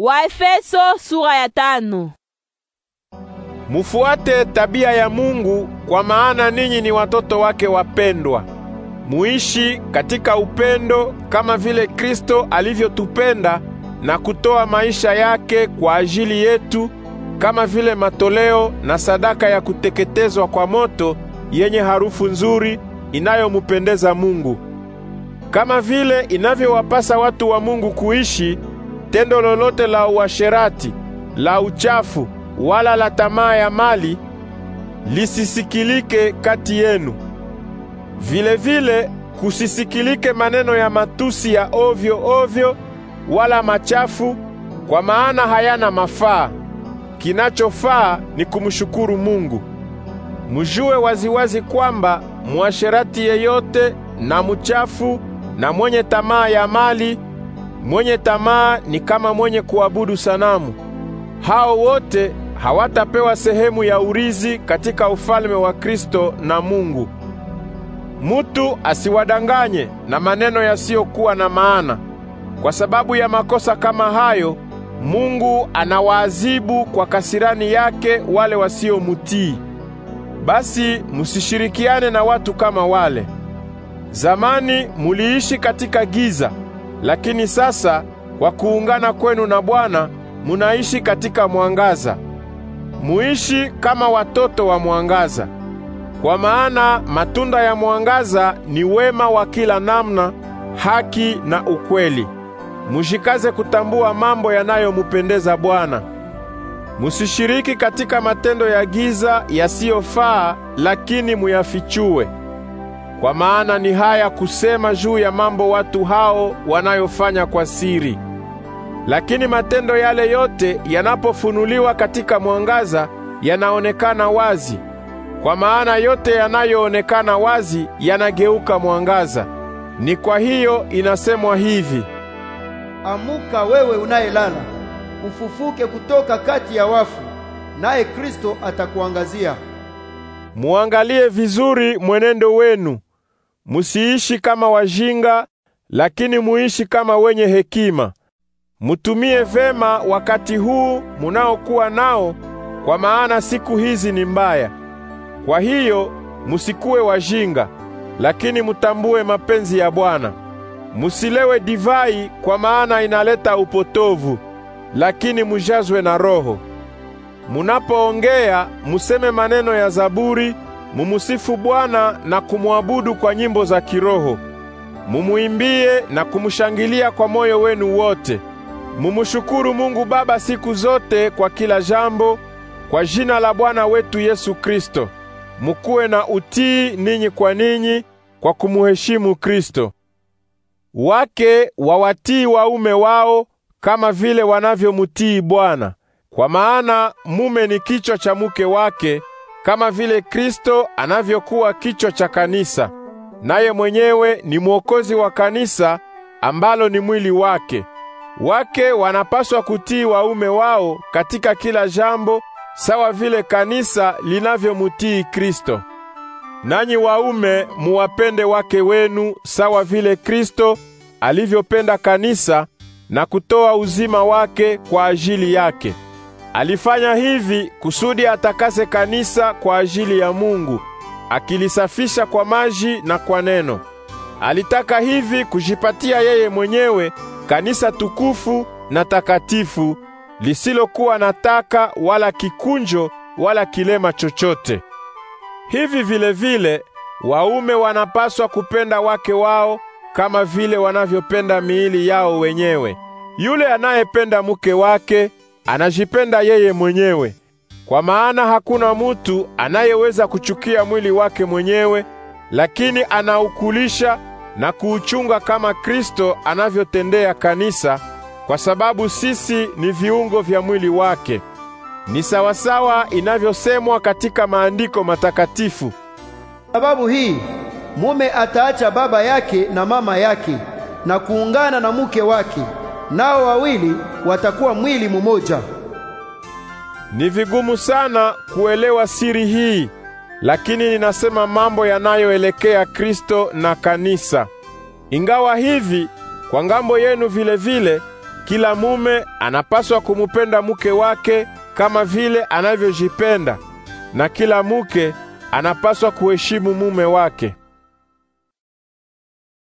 Waefeso sura ya tano. Mufuate tabia ya Mungu kwa maana ninyi ni watoto wake wapendwa. Muishi katika upendo kama vile Kristo alivyotupenda na kutoa maisha yake kwa ajili yetu kama vile matoleo na sadaka ya kuteketezwa kwa moto yenye harufu nzuri inayomupendeza Mungu. Kama vile inavyowapasa watu wa Mungu kuishi tendo lolote la uasherati, la uchafu, wala la tamaa ya mali lisisikilike kati yenu. vile vile kusisikilike maneno ya matusi ya ovyo ovyo wala machafu, kwa maana hayana mafaa. Kinachofaa ni kumshukuru Mungu. Mjue waziwazi kwamba mwasherati yeyote na mchafu na mwenye tamaa ya mali Mwenye tamaa ni kama mwenye kuabudu sanamu. Hao wote hawatapewa sehemu ya urizi katika ufalme wa Kristo na Mungu. Mutu asiwadanganye na maneno yasiyokuwa na maana. Kwa sababu ya makosa kama hayo, Mungu anawaadhibu kwa kasirani yake wale wasiomutii. Basi musishirikiane na watu kama wale. Zamani muliishi katika giza lakini sasa kwa kuungana kwenu na Bwana munaishi katika mwangaza, muishi kama watoto wa mwangaza, kwa maana matunda ya mwangaza ni wema wa kila namna, haki na ukweli. Mushikaze kutambua mambo yanayomupendeza Bwana. Musishiriki katika matendo ya giza yasiyofaa, lakini muyafichue. Kwa maana ni haya kusema juu ya mambo watu hao wanayofanya kwa siri. Lakini matendo yale yote yanapofunuliwa katika mwangaza, yanaonekana wazi. Kwa maana yote yanayoonekana wazi yanageuka mwangaza. Ni kwa hiyo inasemwa hivi: Amuka wewe unayelala, ufufuke kutoka kati ya wafu, naye Kristo atakuangazia. Muangalie vizuri mwenendo wenu, Musiishi kama wajinga, lakini muishi kama wenye hekima. Mutumie vema wakati huu munaokuwa nao, kwa maana siku hizi ni mbaya. Kwa hiyo musikuwe wajinga, lakini mutambue mapenzi ya Bwana. Musilewe divai, kwa maana inaleta upotovu, lakini mujazwe na Roho. Munapoongea museme maneno ya zaburi mumusifu Bwana na kumwabudu kwa nyimbo za kiroho. Mumuimbie na kumshangilia kwa moyo wenu wote. Mumushukuru Mungu Baba siku zote kwa kila jambo kwa jina la Bwana wetu Yesu Kristo. Mukuwe na utii ninyi kwa ninyi kwa kumuheshimu Kristo. Wake wawatii waume wao kama vile wanavyomutii Bwana, kwa maana mume ni kichwa cha mke wake kama vile Kristo anavyokuwa kichwa cha kanisa, naye mwenyewe ni mwokozi wa kanisa ambalo ni mwili wake. Wake wanapaswa kutii waume wao katika kila jambo sawa vile kanisa linavyomutii Kristo. Nanyi waume muwapende wake wenu sawa vile Kristo alivyopenda kanisa na kutoa uzima wake kwa ajili yake. Alifanya hivi kusudi atakase kanisa kwa ajili ya Mungu, akilisafisha kwa maji na kwa neno. Alitaka hivi kujipatia yeye mwenyewe kanisa tukufu na takatifu lisilokuwa na taka wala kikunjo wala kilema chochote. Hivi vile vile waume wanapaswa kupenda wake wao kama vile wanavyopenda miili yao wenyewe. Yule anayependa mke wake anajipenda yeye mwenyewe. Kwa maana hakuna mutu anayeweza kuchukia mwili wake mwenyewe, lakini anaukulisha na kuuchunga kama Kristo anavyotendea kanisa, kwa sababu sisi ni viungo vya mwili wake. Ni sawasawa inavyosemwa katika maandiko matakatifu, sababu hii mume ataacha baba yake na mama yake na kuungana na mke wake nao wawili watakuwa mwili mumoja. Ni vigumu sana kuelewa siri hii, lakini ninasema mambo yanayoelekea Kristo na kanisa. Ingawa hivi, kwa ngambo yenu vile vile kila mume anapaswa kumupenda mke wake kama vile anavyojipenda, na kila mke anapaswa kuheshimu mume wake.